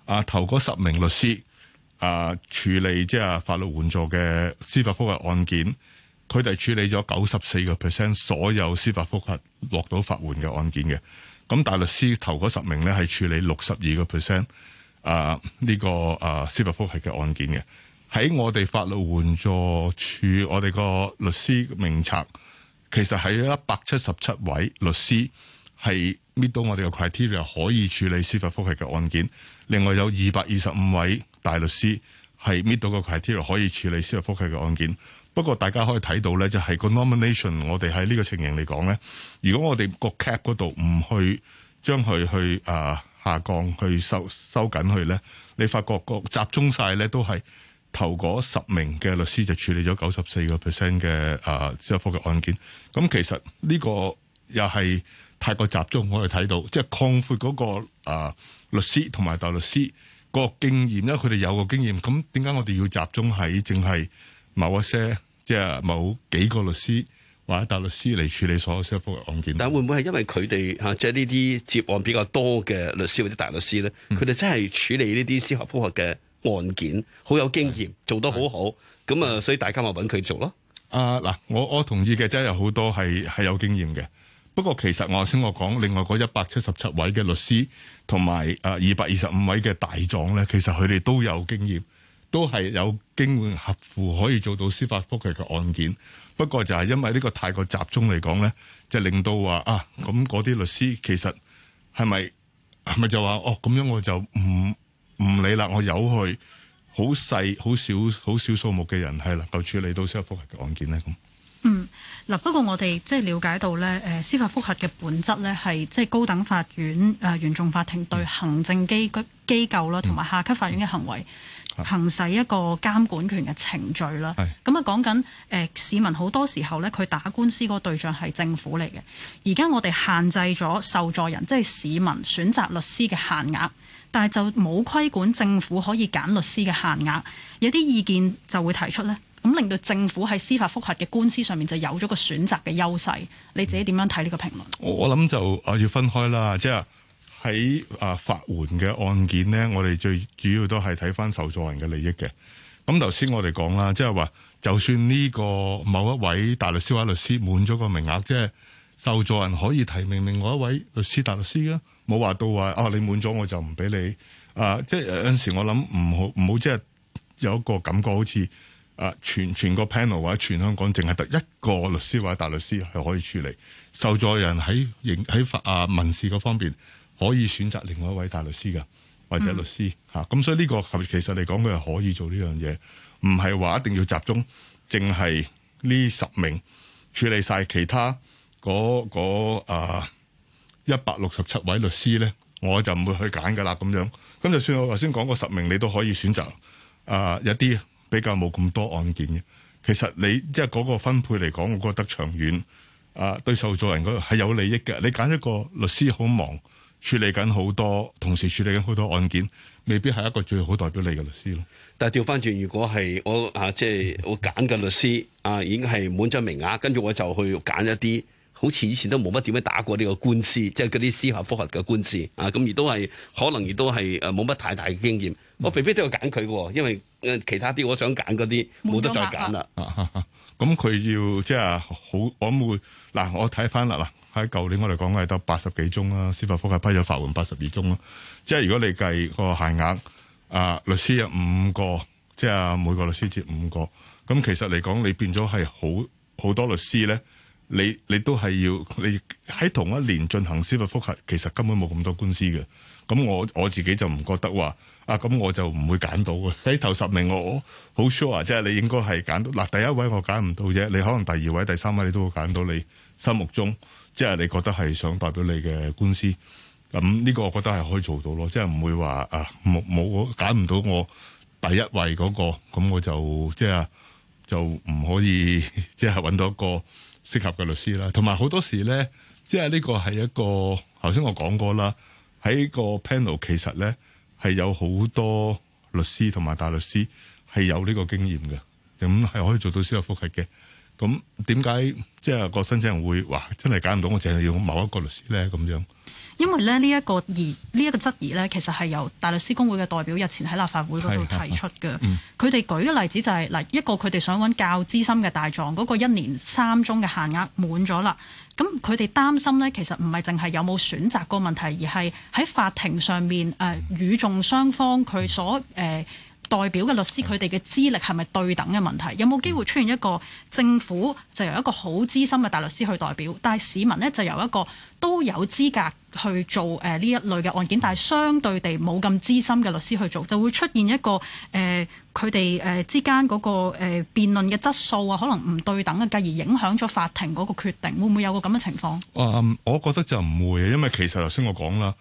啊，頭嗰十名律師啊，處理即係法律援助嘅司法覆核案件，佢哋處理咗九十四個 percent 所有司法覆核落到法援嘅案件嘅。咁大律師頭嗰十名咧係處理六十二個 percent。啊！呢、這個啊司法覆核嘅案件嘅，喺我哋法律援助署，我哋個律師名冊其實係有一百七十七位律師係搣到我哋嘅 criteria 可以處理司法覆核嘅案件。另外有二百二十五位大律師係搣到個 criteria 可以處理司法覆核嘅案件。不過大家可以睇到咧，就係、是、個 nomination 我哋喺呢個情形嚟講咧，如果我哋個 cap 嗰度唔去將佢去啊。下降收收去收收緊去咧，你發覺個集中晒咧都係頭嗰十名嘅律師就處理咗九十四個 percent 嘅啊，私、呃、有科嘅案件。咁其實呢個又係太過集中，我哋睇到即係擴闊嗰個啊、呃、律師同埋大律師個經驗咧，佢哋有個經驗。咁點解我哋要集中喺淨係某一些，即係某幾個律師？或者大律師嚟處理所有司法復核案件，但會唔會係因為佢哋嚇即係呢啲接案比較多嘅律師或者大律師咧？佢、嗯、哋真係處理呢啲司法復核嘅案件好有經驗，做得好好，咁啊，所以大家咪揾佢做咯。啊嗱，我我同意嘅，真係好多係係有經驗嘅。不過其實我頭先我講，另外嗰一百七十七位嘅律師同埋啊二百二十五位嘅大狀咧，其實佢哋都有經驗。都係有經驗、合乎可以做到司法覆核嘅案件，不過就係因為呢個太過集中嚟講咧，即係、令到話啊咁嗰啲律師其實係咪係咪就話哦咁樣我就唔唔理啦，我有去好細好少好少數目嘅人係能夠處理到司法覆核嘅案件咧。咁嗯嗱，不過我哋即係了解到咧，誒司法覆核嘅本質咧係即係高等法院誒原訟法庭對行政機關機構啦，同埋下級法院嘅行為，嗯嗯行使一個監管權嘅程序啦，咁啊講緊誒市民好多時候咧，佢打官司嗰個對象係政府嚟嘅。而家我哋限制咗受助人，即係市民選擇律師嘅限額，但係就冇規管政府可以揀律師嘅限額。有啲意見就會提出呢，咁令到政府喺司法覆核嘅官司上面就有咗個選擇嘅優勢。你自己點樣睇呢個評論？我我諗就啊要分開啦，即係。喺啊，法援嘅案件咧，我哋最主要都係睇返受助人嘅利益嘅。咁頭先我哋講啦，即係話，就算呢個某一位大律師或者律師滿咗個名額，即係受助人可以提名另外一位律師大律師嘅，冇話到話哦，你滿咗我就唔俾你啊，呃。即係有陣時候我諗唔好唔好，即係有一個感覺好像，好似啊，全全個 panel 或者全香港淨係得一個律師或者大律師係可以處理受助人喺刑喺法啊民事嗰方面。可以選擇另外一位大律師嘅，或者律師吓，咁、嗯啊、所以呢、呢個合其實嚟講，佢係可以做呢樣嘢，唔係話一定要集中，淨係呢十名處理晒其他嗰，啊一百六十七位律師咧，我就唔會去揀噶啦。咁樣，咁就算我頭先講個十名，你都可以選擇啊一啲比較冇咁多案件嘅。其實你即係嗰個分配嚟講，我覺得長遠啊對受助人嗰係有利益嘅。你揀一個律師好忙。處理緊好多，同時處理緊好多案件，未必係一個最好代表你嘅律師咯。但係調翻轉，如果係我啊，即、就、係、是、我揀嘅律師啊，已經係滿咗名額，跟住我就去揀一啲好似以前都冇乜點樣打過呢個官司，即係嗰啲司法覆核嘅官司啊，咁亦都係可能，亦都係誒冇乜太大嘅經驗。嗯、我未必，必都要揀佢嘅，因為其他啲我想揀嗰啲冇得再揀啦。咁、啊、佢、啊啊、要即係、就是、好，我冇嗱、啊，我睇翻啦啦。喺舊年我嚟講係得八十幾宗啦，司法覆核批咗法援八十二宗啦。即係如果你計個限額啊，律師有五個，即係每個律師接五個。咁其實嚟講，你變咗係好好多律師咧。你你都係要你喺同一年進行司法覆核，其實根本冇咁多官司嘅。咁我我自己就唔覺得話啊，咁我就唔會揀到嘅。喺頭十名，我我好 sure，即係你應該係揀到嗱。第一位我揀唔到啫，你可能第二位、第三位你都會揀到你心目中。即係你覺得係想代表你嘅官司，咁呢個我覺得係可以做到咯。即係唔會話啊，冇冇揀唔到我第一位嗰個，咁我就即係就唔可以即係揾到一個適合嘅律師啦。同埋好多時呢，即係呢個係一個頭先我講過啦，喺個 panel 其實呢，係有好多律師同埋大律師係有呢個經驗嘅，咁係可以做到司法覆核嘅。咁點解即係個申請人會話真係揀唔到，我淨係要某一個律師咧咁樣？因為咧呢一個疑，呢一個質疑咧，其實係由大律師公會嘅代表日前喺立法會嗰度提出嘅。佢哋舉嘅例子就係、是、嗱、嗯，一個佢哋想揾較資深嘅大狀，嗰、那個一年三宗嘅限額滿咗啦。咁佢哋擔心咧，其實唔係淨係有冇選擇個問題，而係喺法庭上面誒，語、呃、眾雙方佢所誒。嗯代表嘅律師，佢哋嘅資歷係咪對等嘅問題？有冇機會出現一個政府就由一個好資深嘅大律師去代表，但係市民呢就由一個都有資格去做誒呢一類嘅案件，但係相對地冇咁資深嘅律師去做，就會出現一個誒佢哋誒之間嗰個誒辯論嘅質素啊，可能唔對等嘅，繼而影響咗法庭嗰個決定，會唔會有個咁嘅情況、嗯？我覺得就唔會，因為其實頭先我講啦。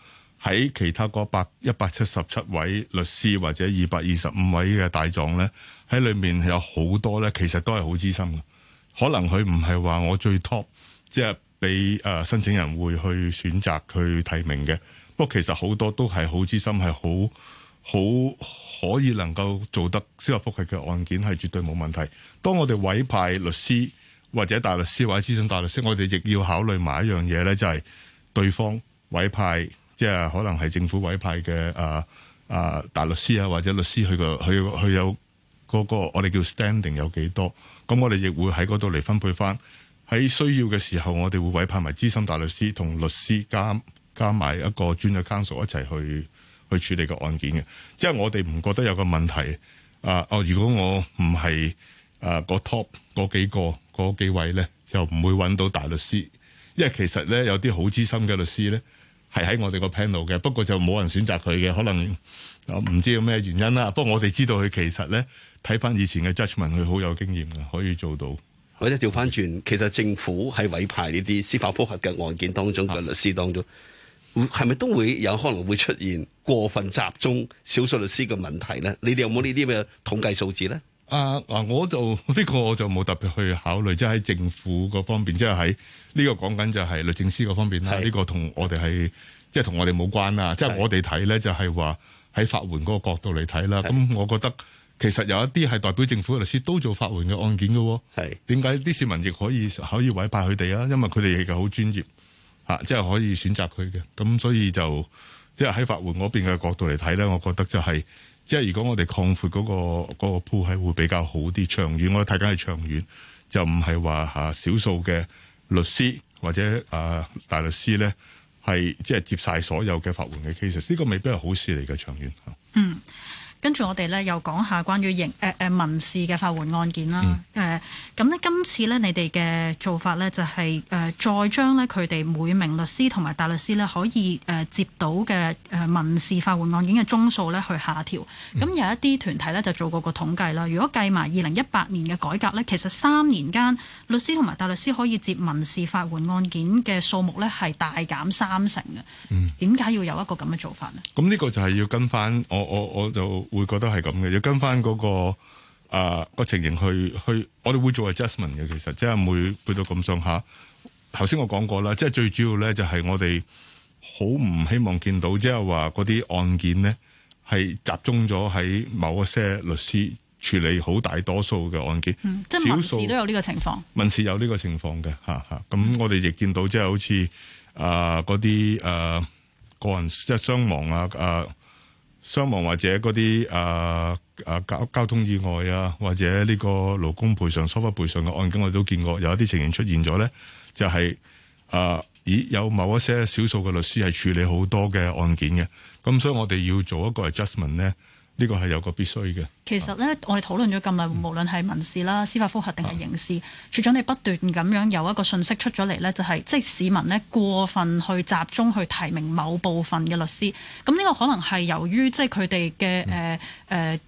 喺其他嗰百一百七十七位律師或者二百二十五位嘅大狀咧，喺裏面有好多咧，其實都係好資深嘅。可能佢唔係話我最 top，即係俾誒申請人會去選擇去提名嘅。不過其實好多都係好資深，係好好可以能夠做得司法覆核嘅案件係絕對冇問題。當我哋委派律師或者大律師或者資深大律師，我哋亦要考慮埋一樣嘢咧，就係、是、對方委派。即係可能係政府委派嘅啊啊大律師啊或者律師佢、佢佢有嗰個我哋叫 standing 有幾多，咁我哋亦會喺嗰度嚟分配翻，喺需要嘅時候，我哋會委派埋資深大律師同律師加加埋一個專嘅家屬一齊去去處理個案件嘅。即係我哋唔覺得有個問題啊哦，如果我唔係啊個 top 嗰幾個嗰幾位咧就唔會揾到大律師，因為其實咧有啲好資深嘅律師咧。係喺我哋個 panel 嘅，不過就冇人選擇佢嘅，可能唔知有咩原因啦。不過我哋知道佢其實咧，睇翻以前嘅 judgement，佢好有經驗嘅，可以做到。或者調翻轉，其實政府喺委派呢啲司法複核嘅案件當中嘅律師當中，係咪都會有可能會出現過分集中少數律師嘅問題咧？你哋有冇呢啲咁嘅統計數字咧？啊！嗱，我就呢、這個我就冇特別去考慮，即係喺政府嗰方面，即係喺呢個講緊就係律政司嗰方面啦。這個就是就是、呢個同我哋係即係同我哋冇關啦。即係我哋睇咧就係話喺法援嗰個角度嚟睇啦。咁我覺得其實有一啲係代表政府嘅律師都做法援嘅案件嘅喎。係點解啲市民亦可以可以委派佢哋啊？因為佢哋嘅好專業即係、就是、可以選擇佢嘅。咁所以就即係喺法援嗰邊嘅角度嚟睇咧，我覺得就係、是。即係如果我哋擴闊嗰個嗰個鋪係會比較好啲，長遠，我睇緊係長遠，就唔係話少數嘅律師或者啊大律師咧，係即係接晒所有嘅法援嘅 case，呢個未必係好事嚟嘅長遠。嗯。跟住我哋咧，又講下關於刑、呃呃、民事嘅法援案件啦。誒咁呢今次咧你哋嘅做法咧就係、是呃、再將咧佢哋每名律師同埋大律師咧可以接到嘅民事法援案件嘅宗數咧去下調。咁、嗯嗯、有一啲團體咧就做過個統計啦。如果計埋二零一八年嘅改革咧，其實三年間律師同埋大律師可以接民事法援案件嘅數目咧係大減三成嘅。點、嗯、解要有一個咁嘅做法呢？咁、嗯、呢個就係要跟翻我我我就。會覺得係咁嘅，要跟翻嗰、那個啊個、呃、情形去去，我哋會做 adjustment 嘅。其實即係唔會去到咁上下。頭先我講過啦，即係、啊、最主要咧就係我哋好唔希望見到，即係話嗰啲案件咧係集中咗喺某一些律師處理好大多數嘅案件。嗯、即係民事都有呢個情況。民事有呢個情況嘅，嚇、啊、嚇。咁我哋亦見到即係好似啊嗰啲啊個人即係傷亡啊啊。傷亡或者嗰啲啊交、啊、交通意外啊，或者呢個勞工賠償、疏忽賠償嘅案件，我都見過，有一啲情形出現咗咧，就係、是、啊咦，有某一些少數嘅律師係處理好多嘅案件嘅，咁所以我哋要做一個 adjustment 咧。呢個係有個必須嘅。其實呢，我哋討論咗咁耐，無論係民事啦、嗯、司法覆核定係刑事，署長你不斷咁樣有一個信息出咗嚟呢就係、是、即係市民呢過分去集中去提名某部分嘅律師。咁呢個可能係由於即係佢哋嘅誒誒，即係、呃、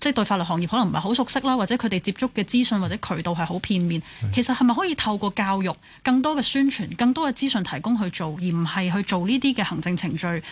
對法律行業可能唔係好熟悉啦，或者佢哋接觸嘅資訊或者渠道係好片面。是其實係咪可以透過教育更多嘅宣傳、更多嘅資訊提供去做，而唔係去做呢啲嘅行政程序？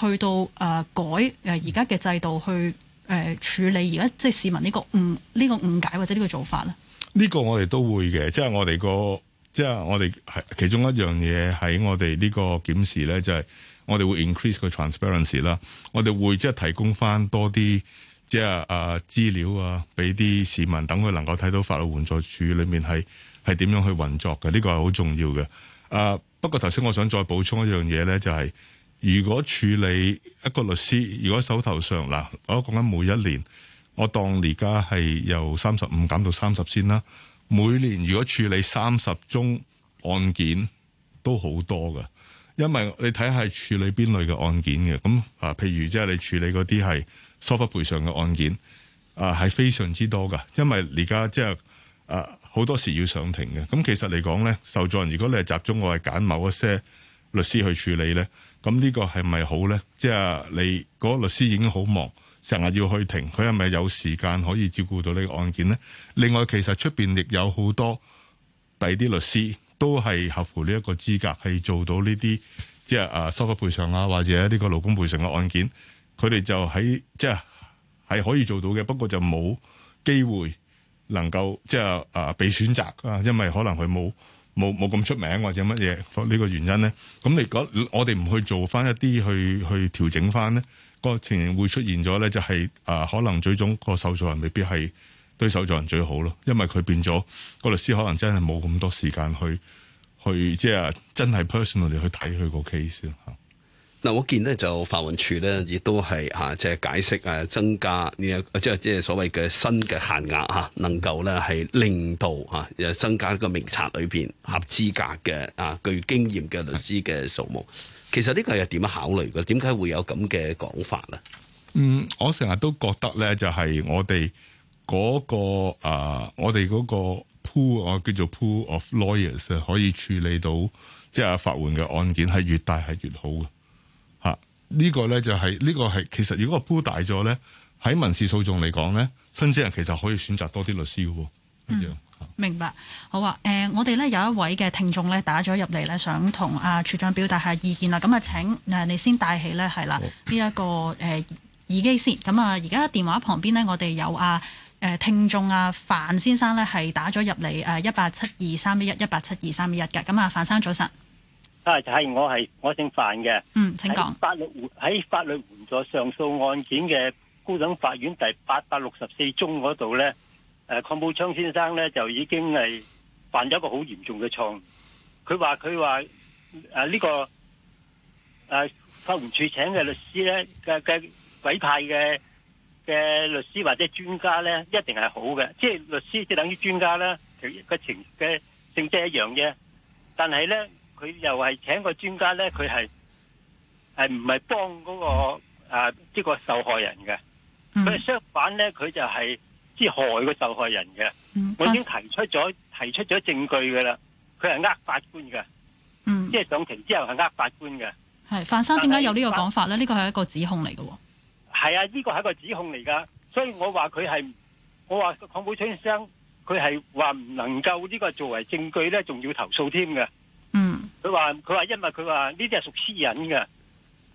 去到誒、呃、改誒而家嘅制度去誒、呃、處理而家即係市民呢個誤呢、這個誤解或者呢個做法咧？呢、這個我哋都會嘅，即、就、係、是、我哋個即係、就是、我哋係其中一樣嘢喺我哋呢個檢視咧，就係、是、我哋會 increase 個 transparency 啦，我哋會即係提供翻多啲即係啊資料啊，俾啲市民等佢能夠睇到法律援助處法律援助署裏面係係點樣去運作嘅，呢、這個係好重要嘅。啊、呃，不過頭先我想再補充一樣嘢咧，就係、是。如果處理一個律師，如果手頭上嗱，我講緊每一年，我當而家係由三十五減到三十先啦。每年如果處理三十宗案件都好多㗎，因為你睇下係處理邊類嘅案件嘅。咁啊，譬如即係你處理嗰啲係疏忽賠償嘅案件，啊係非常之多㗎，因為而家即係啊好多時要上庭嘅。咁其實嚟講咧，受助人如果你係集中，我係揀某一些律師去處理咧。咁呢個係咪好咧？即係你嗰個律師已經好忙，成日要去停。佢係咪有時間可以照顧到呢個案件咧？另外，其實出面亦有好多第啲律師都係合乎呢一個資格，係做到呢啲，即係啊，收復賠償啊，或者呢個勞工賠償嘅案件，佢哋就喺即係可以做到嘅，不過就冇機會能夠即係啊俾選擇啊，因為可能佢冇。冇冇咁出名或者乜嘢呢個原因咧？咁你嗰我哋唔去做翻一啲去去調整翻咧，個情形會出現咗咧，就是，就係啊，可能最終，個受助人未必係對受助人最好咯，因為佢變咗，個律師可能真係冇咁多時間去去即係真係 personal 地去睇佢個 case。嗱，我見咧就法援處咧亦都係嚇，即係解釋誒增加呢個即係即係所謂嘅新嘅限額嚇，能夠咧係令到嚇又增加個名冊裏邊合資格嘅啊具經驗嘅律師嘅數目。其實呢個係點樣考慮嘅？點解會有咁嘅講法咧？嗯，我成日都覺得咧就係我哋嗰個啊，我哋嗰個 pool 我叫做 pool of lawyers 可以處理到即係法援嘅案件係越大係越好嘅。呢、這個咧就係，是，呢、這個係其實如果個煲大咗咧，喺民事訴訟嚟講咧，申請人其實可以選擇多啲律師嘅喎一樣。明白，好啊。誒、呃，我哋咧有一位嘅聽眾咧打咗入嚟咧，想同阿處長表達下意見，呃、啦。咁啊請誒你先戴起咧係啦，呢、這、一個誒、呃、耳機先。咁啊而家電話旁邊呢，我哋有啊誒、呃、聽眾啊范先生咧係打咗入嚟誒一八七二三一一一八七二三一一嘅。咁、呃、啊范生早晨。就係我係我姓范嘅，嗯，請講。在法律喺法律援助上訴案件嘅高等法院第八百六十四宗嗰度咧，誒，鄺寶昌先生咧就已經係犯咗一個好嚴重嘅錯誤。佢話佢話誒呢個誒、啊、法援處請嘅律師咧嘅嘅委派嘅嘅律師或者專家咧一定係好嘅，即係律師即係等於專家啦，佢嘅程嘅性質一樣嘅，但係咧。佢又係請個專家咧，佢係係唔係幫嗰個即、啊呢個受害人嘅，佢、嗯、相反咧，佢就係之害個受害人嘅。我、嗯、已經提出咗提出咗證據噶啦，佢係呃法官嘅、嗯，即係上庭之後係呃法官嘅。係范生為什麼，點解有呢個講法咧？呢個係一個指控嚟嘅。係啊，呢、呢個係一個指控嚟噶。所以我話佢係，我話鄺寶昌先生，佢係話唔能夠呢個作為證據咧，仲要投訴添嘅。佢話佢話，因為佢話呢啲係屬私隱嘅，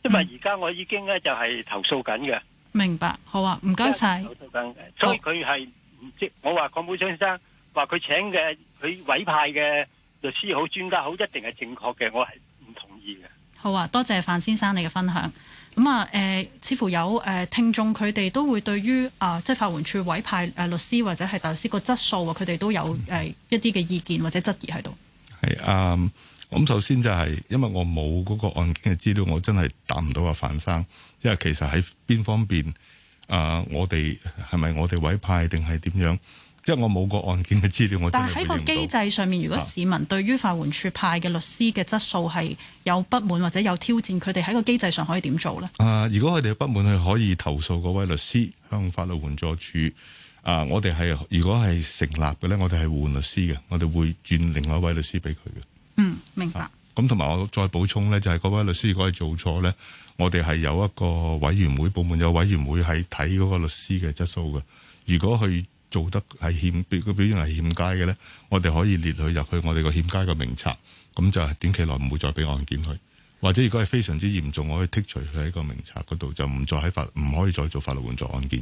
因為而家我已經咧就係投訴緊嘅。明白好啊，唔該晒。投訴緊，所以佢係唔知我話鄺寶昌先生話佢請嘅佢委派嘅律師好專家好，一定係正確嘅。我係唔同意嘅。好啊，多謝范先生你嘅分享。咁、嗯、啊，誒、嗯，似乎有誒聽眾佢哋都會對於啊、呃，即係法援處委派誒律師或者係大律師個質素啊，佢哋都有誒一啲嘅意見或者質疑喺度。係啊。Um, 咁首先就係，因為我冇嗰個案件嘅資料，我真係答唔到阿范生。即係其實喺邊方面？啊、呃，我哋係咪我哋委派定係點樣？即係我冇個案件嘅資料，我但係喺個機制上面，如果市民對於法援署派嘅律師嘅質素係有不滿或者有挑戰，佢哋喺個機制上可以點做咧？啊、呃，如果佢哋不滿，佢可以投訴嗰位律師向法律援助署。啊、呃，我哋係如果係成立嘅咧，我哋係換律師嘅，我哋會轉另外一位律師俾佢嘅。明白。咁同埋我再補充呢，就係嗰位律師如果係做錯呢，我哋係有一個委員會部門，有委員會係睇嗰個律師嘅質素嘅。如果佢做得係欠表表現係欠佳嘅呢，我哋可以列佢入去我哋個欠佳嘅名冊。咁就係短期內唔會再俾案件佢。或者如果係非常之嚴重，我可以剔除佢喺個名冊嗰度，就唔再喺法唔可以再做法律援助案件。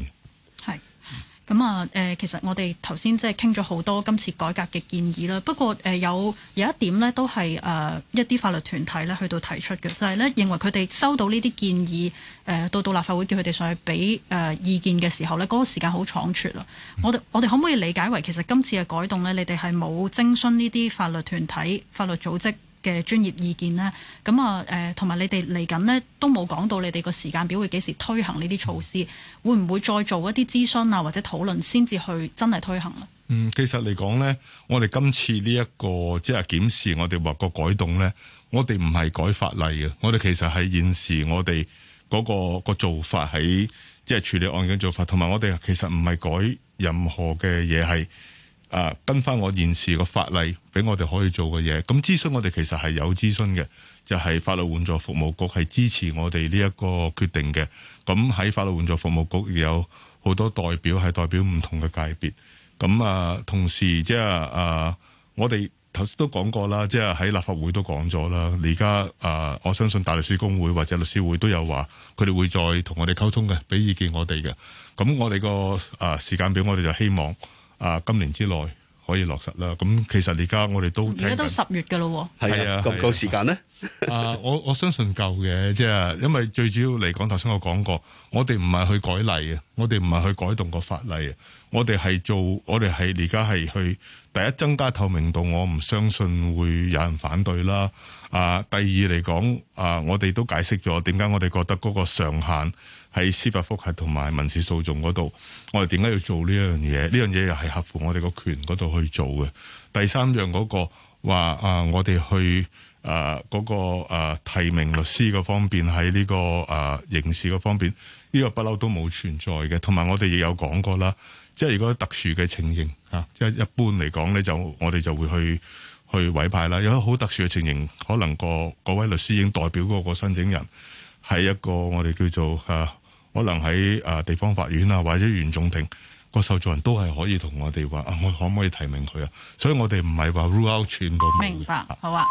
咁啊，誒，其實我哋頭先即係傾咗好多今次改革嘅建議啦。不過誒，有有一點咧，都係誒一啲法律團體咧去到提出嘅，就係咧認為佢哋收到呢啲建議誒到到立法會叫佢哋上去俾誒意見嘅時候咧，嗰個時間好倉促啦。我哋我哋可唔可以理解為其實今次嘅改動咧，你哋係冇徵詢呢啲法律團體法律組織。嘅專業意見咧，咁啊誒，同埋你哋嚟緊咧都冇講到你哋個時間表會幾時推行呢啲措施，會唔會再做一啲諮詢啊或者討論先至去真係推行咧？嗯，其實嚟講咧，我哋今次呢一個即係檢視我哋話個改動咧，我哋唔係改法例嘅，我哋其實係現時我哋嗰個個做法喺，即係處理案件做法，同埋我哋其實唔係改任何嘅嘢係。啊，跟翻我現時個法例，俾我哋可以做嘅嘢。咁諮詢我哋其實係有諮詢嘅，就係法律援助服務局係支持我哋呢一個決定嘅。咁喺法律援助服務局有好多代表係代表唔同嘅界別。咁啊，同時即係啊，我哋頭先都講過啦，即係喺立法會都講咗啦。而家啊，我相信大律師公會或者律師會都有話，佢哋會再同我哋溝通嘅，俾意見我哋嘅。咁我哋個啊時間表，我哋就希望。啊！今年之內可以落實啦。咁其實而家我哋都而家都十月㗎咯喎，係啊夠唔夠時間咧？ 啊，我我相信夠嘅，即係因為最主要嚟講，頭先我講過，我哋唔係去改例嘅，我哋唔係去改動個法例啊，我哋係做，我哋係而家係去第一增加透明度，我唔相信會有人反對啦。啊，第二嚟講，啊，我哋都解釋咗點解我哋覺得嗰個上限。喺司法覆核同埋民事訴訟嗰度，我哋點解要做呢一樣嘢？呢樣嘢又係合乎我哋個權嗰度去做嘅。第三樣嗰、嗰個話啊、呃，我哋去啊嗰、呃嗰個、呃、提名律師嘅方面喺呢個啊、呃、刑事嘅方面，呢、呢個不嬲都冇存在嘅。同埋我哋亦有講過啦，即係如果有特殊嘅情形嚇，即、啊、係一般嚟講咧，就我哋就會去去委派啦。有好特殊嘅情形，可能個位律師已經代表嗰個申請人係一個我哋叫做嚇。呃可能喺地方法院啊或者原訟庭，那個受助人都係可以同我哋話，啊，我可唔可以提名佢啊？所以我哋唔係話 rule out 全部。明白，好啊。